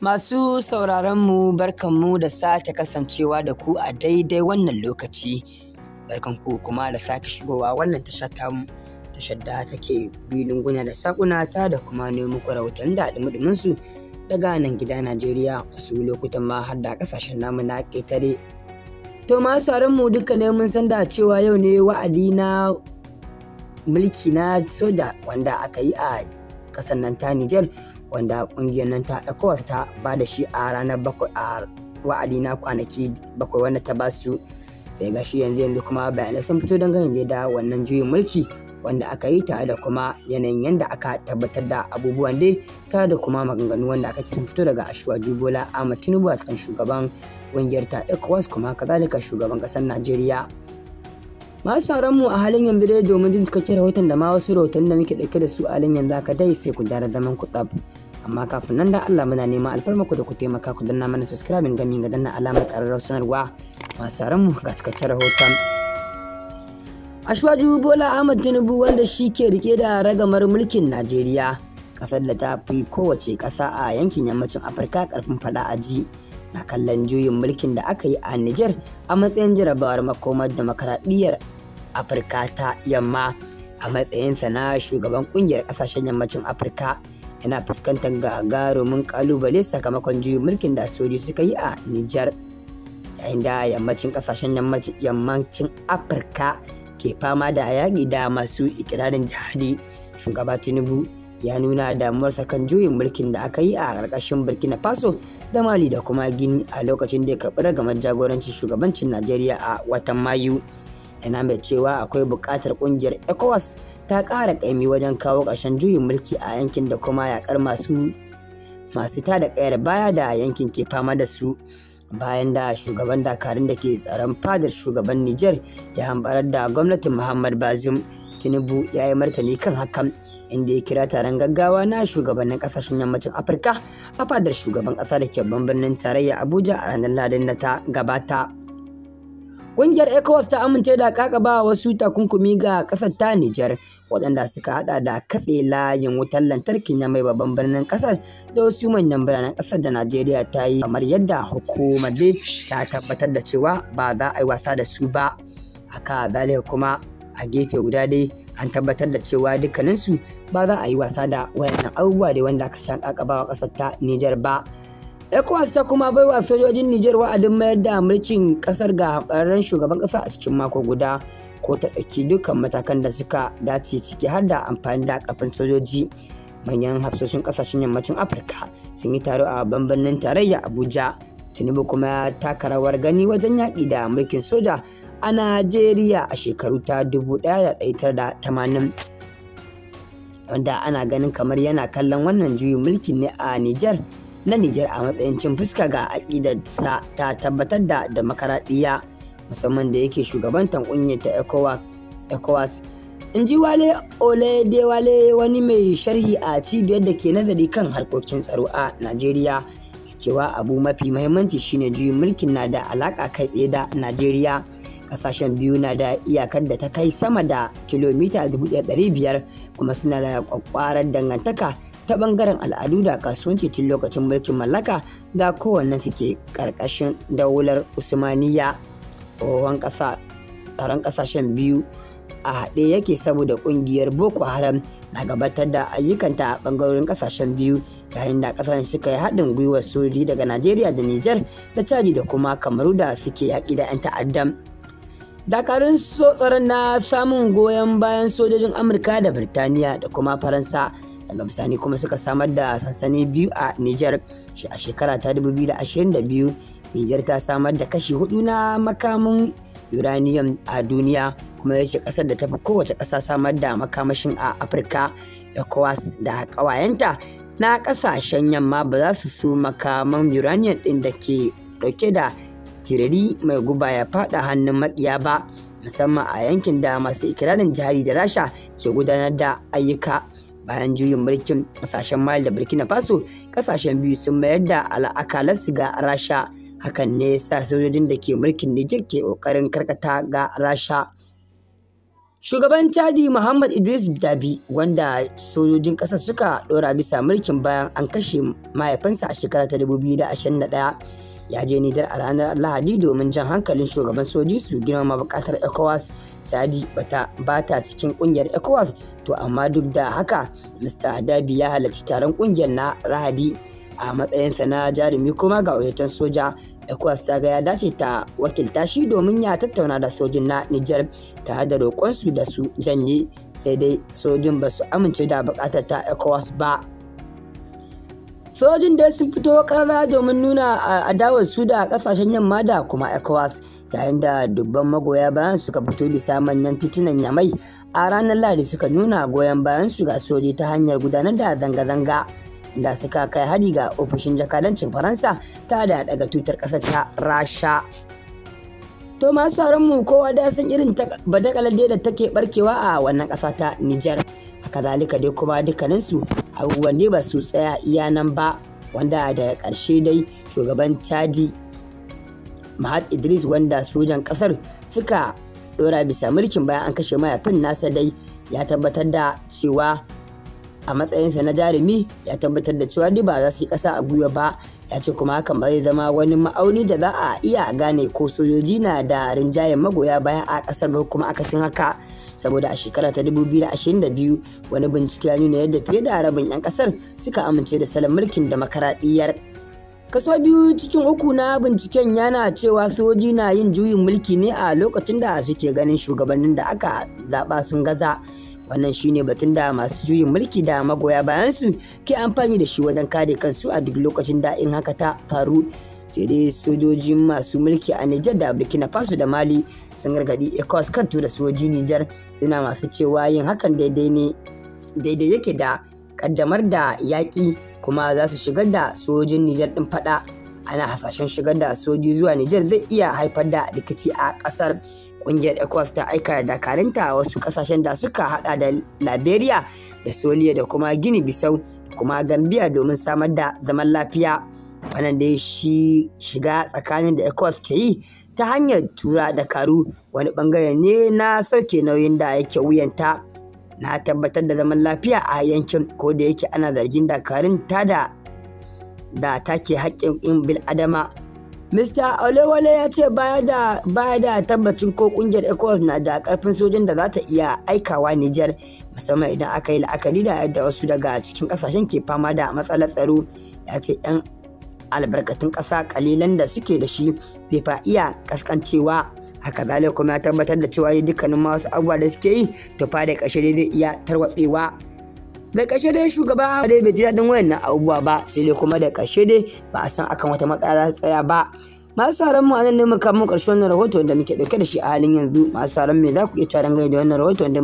Masu sauraronmu barkanmu da sake kasancewa da ku a daidai wannan lokaci. Barkanku kuma da sake shigowa wannan tasha tamu. Tashar da take bilin guna da sakunata da kuma nemi rahoton da dumudumin daga nan gida Najeriya wasu lokutan ma har da kasashen namu na ƙetare. To masu sauranmu duka ne mun san cewa yau ne wa'adi na mulki na soja wanda aka yi a ƙasar nan ta Nijar. wanda kungiyar nan ta ECOWAS ta ba da shi a ranar bakwai a wa'adi na kwanaki bakwai wanda ta ba su sai ga shi yanzu yanzu kuma bayanai sun fito ganin da wannan juyin mulki wanda aka yi tare da kuma yanayin yadda aka tabbatar da abubuwan dai tare da kuma maganganu wanda aka ce sun fito daga ashuwa jubola ahmad tinubu a cikin shugaban kungiyar ta ecowas kuma kazalika shugaban kasar najeriya masu sauran mu a halin yanzu dai domin jin cikakken rahoton da ma wasu rahoton da muke ɗauke da su a halin yanzu aka dai sai ku gyara zaman ku tsab amma kafin nan da Allah muna neman ku da ku taimaka ku danna mana subscribing gami ga danna alamar ƙararrawar sanarwa masu mu ga cikakken rahoton Ashwaju Bola Ahmad Tinubu wanda shi ke rike da ragamar mulkin Najeriya ƙasar da ta fi kowace ƙasa a yankin yammacin Afirka ƙarfin fada a ji na kallon juyin mulkin da aka yi a Nijar a matsayin jarabawar makomar demokaradiyyar Afirka ta yamma a matsayinsa na shugaban ƙungiyar ƙasashen yammacin Afirka yana fuskantar gagarumin kalubale sakamakon juyin mulkin da soji suka yi a Nijar yayin da yammacin kasashen yammacin Afirka ke fama da yaƙi da masu ikirarin jihadi shugaba Tinubu ya nuna damuwarsa kan juyin mulkin da aka yi a ƙarƙashin burkina faso da mali da kuma gini a lokacin da ya karɓi ragamar jagorancin shugabancin najeriya a watan mayu yana mai cewa akwai bukatar ƙungiyar ecowas ta ƙara ƙaimi wajen kawo ƙarshen juyin mulki a yankin da kuma yaƙar masu masu tada kayar baya da yankin ke fama da su bayan da shugaban dakarun da ke tsaron fadar shugaban niger ya hambarar da gwamnatin muhammad bazum tinubu ya yi martani kan hakan inda ya kira taron gaggawa na shugabannin kasashen yammacin afirka a fadar shugaban ƙasa da ke babban birnin tarayya abuja a ranar ladin da ta gabata Ƙungiyar ECOWAS ta amince da kakaba wasu takunkumi ga ƙasar ta Nijar waɗanda suka haɗa da katse layin wutar lantarki na mai babban birnin ƙasar da wasu manyan biranen ƙasar da Najeriya ta yi kamar yadda hukumar ta tabbatar da cewa ba za a yi wasa da su ba. Haka zalika kuma a gefe guda dai an tabbatar da cewa dukkaninsu ba za a yi wasa da wayannan abubuwa da wanda aka sha kakaba wa ƙasar ta Nijar ba. ECOWAS ta kuma baiwa sojojin Nijar wa'adin mayar da mulkin kasar ga haɓarren shugaban ƙasa a cikin mako guda ko ta ɗauki dukkan matakan da suka dace ciki har da amfani da kafin sojoji. Manyan hafsoshin ƙasashen yammacin Afirka sun yi taro a bambannin tarayya Abuja. Tinubu kuma ya taka rawar gani wajen yaƙi da mulkin soja a Najeriya a shekaru ta 1980. Wanda ana ganin kamar yana kallon wannan juyin mulkin ne a Nijar. na Nijar a matsayin cin fuska ga aƙidarsa ta tabbatar da demokaradiyya musamman da yake shugabantar kunyar ta ECOWAS. In ji Wale wale wani mai sharhi a cibiyar da ke nazari kan harkokin tsaro a Najeriya cewa abu mafi mahimmanci shine juyin mulkin na da alaka kai tsaye da Najeriya. kasashen biyu na da iyakar da ta kai sama da kilomita 500 kuma suna da kwakwarar dangantaka ta bangaren al'adu da kasuwanci tun lokacin mulkin mallaka da kowanne suke karkashin daular usmaniya tsohon kasa tsaron ƙasashen biyu a haɗe yake saboda ƙungiyar boko haram na gabatar da ayyukanta a ɓangarorin ƙasashen biyu yayin da ƙasashen suka yi haɗin gwiwar sojoji daga najeriya da nijar da chadi da kuma kamaru da suke yaƙi da 'yan ta'addan dakarun tsotsar na samun goyon bayan sojojin amurka da birtaniya da kuma faransa daga bisani kuma suka samar da sansani biyu a nijar a shekara ta 2022 niger ta samar da kashi hudu na makamin uranium a duniya kuma ya ce kasar da ta kowace kasa samar da makamashin a afirka ecowas da kawayenta na kasashen yamma ba za su su makaman uranium ɗin da ke dauke da tirari mai guba ya faɗa hannun maƙiya ba musamman a yankin da masu ikirarin jihari da rasha ke gudanar da ayyuka bayan juyin mulkin kasashen mali da burkina faso kasashen biyu sun mayar da al'akalarsu ga rasha hakan ne sa sojojin da ke mulkin niger ke ƙoƙarin karkata ga rasha Shugaban Chadi Muhammad Idris Dabi wanda sojojin ƙasa suka ɗora bisa mulkin bayan an kashe mahaifinsa a shekarar ta 2021 ya je nidar a ranar Lahadi domin jan hankalin shugaban soji su girmama buƙatar ECOWAS. Chadi bata bata cikin ƙungiyar ECOWAS to amma duk da haka Mr. Dabi ya halarci taron ƙungiyar na Lahadi. a matsayinsa na jarumi kuma ga oyatan soja ecowas ta ga ya dace ta wakilta shi domin ya tattauna da sojin na niger tare da roƙonsu da su janye sai dai sojin ba su amince da bukatar ta ecowas ba sojin dai sun fito karara domin nuna adawar su da kasashen yamma da kuma ecowas yayin da dubban magoya bayan suka fito bisa manyan titunan yamai a ranar lahadi suka nuna goyon bayan su ga soji ta hanyar gudanar da zanga-zanga da suka kai hari ga ofishin jakadancin faransa ta da daga tutar ƙasar ta rasha to masu mu kowa da san irin badakalar da take barkewa a wannan ƙasa ta nijar haka zalika dai kuma dukkaninsu abubuwan ne ba su tsaya iya nan ba wanda da karshe dai shugaban chadi mahat idris wanda sojan ƙasar suka dora bisa mulkin bayan an kashe mayafin nasa dai ya tabbatar da cewa a matsayinsa na jarumi ya tabbatar da cewa ba za su yi ƙasa a gwiwa ba ya ce kuma hakan ba zai zama wani ma'auni da za a iya gane ko sojoji na da rinjayen magoya baya a ƙasar ba kuma akasin haka saboda a shekara ta 2022 wani bincike ya nuna yadda fiye da rabin 'yan ƙasar suka amince da salon mulkin demokaradiyyar kaso biyu cikin uku na binciken yana cewa sojoji na yin juyin mulki ne a lokacin da suke ganin shugabannin da aka zaba sun gaza wannan shine batun da masu juyin mulki da magoya bayan su ke amfani da shi wajen kare kansu a duk lokacin da in haka ta faru sai dai sojojin masu mulki a Niger da Burkina Faso da Mali sun gargadi ECOWAS kan tura sojoji Niger suna masu cewa yin hakan daidai ne daidai yake da kaddamar da yaƙi kuma za su shigar da sojojin Niger ɗin faɗa ana hasashen shigar da soji zuwa Nijar zai iya haifar da rikici a kasar Ƙungiyar ECOWAS ta aika da karinta wasu kasashen da suka hada da Liberia da Soliya da kuma Gini Bisau kuma Gambia domin samar da zaman lafiya. Wannan da shi shiga tsakanin da ECOWAS ke yi ta hanyar tura da karu wani bangare ne na sauke nauyin da yake wuyanta na tabbatar da zaman lafiya a yankin ko da yake ana zargin dakarun da. da take haƙƙin bil adama Mr. Olewale ya ce baya da tabbacin ko ƙungiyar ECOWAS na da karfin sojin da za ta iya aikawa Nijar musamman idan aka yi la'akari da yadda wasu daga cikin kasashen ke fama da matsalar tsaro ya ce 'yan albarkatun ƙasa kalilan da suke da shi bai fa iya kaskancewa haka zalai kuma ya tabbatar da cewa yi dukkanin ma wasu abubuwa da suke yi to fa da ƙarshe zai iya tarwatsewa da kashe dai shugaba dai bai ji daɗin wayannan abubuwa ba sai dai kuma da kashe dai ba a san akan wata matsala tsaya ba masu sauran mu anan ne muka mu ƙarshen wannan rahoton da muke ɗauke da shi a halin yanzu masu sauran me za ku iya cewa dangane da wannan rahoton da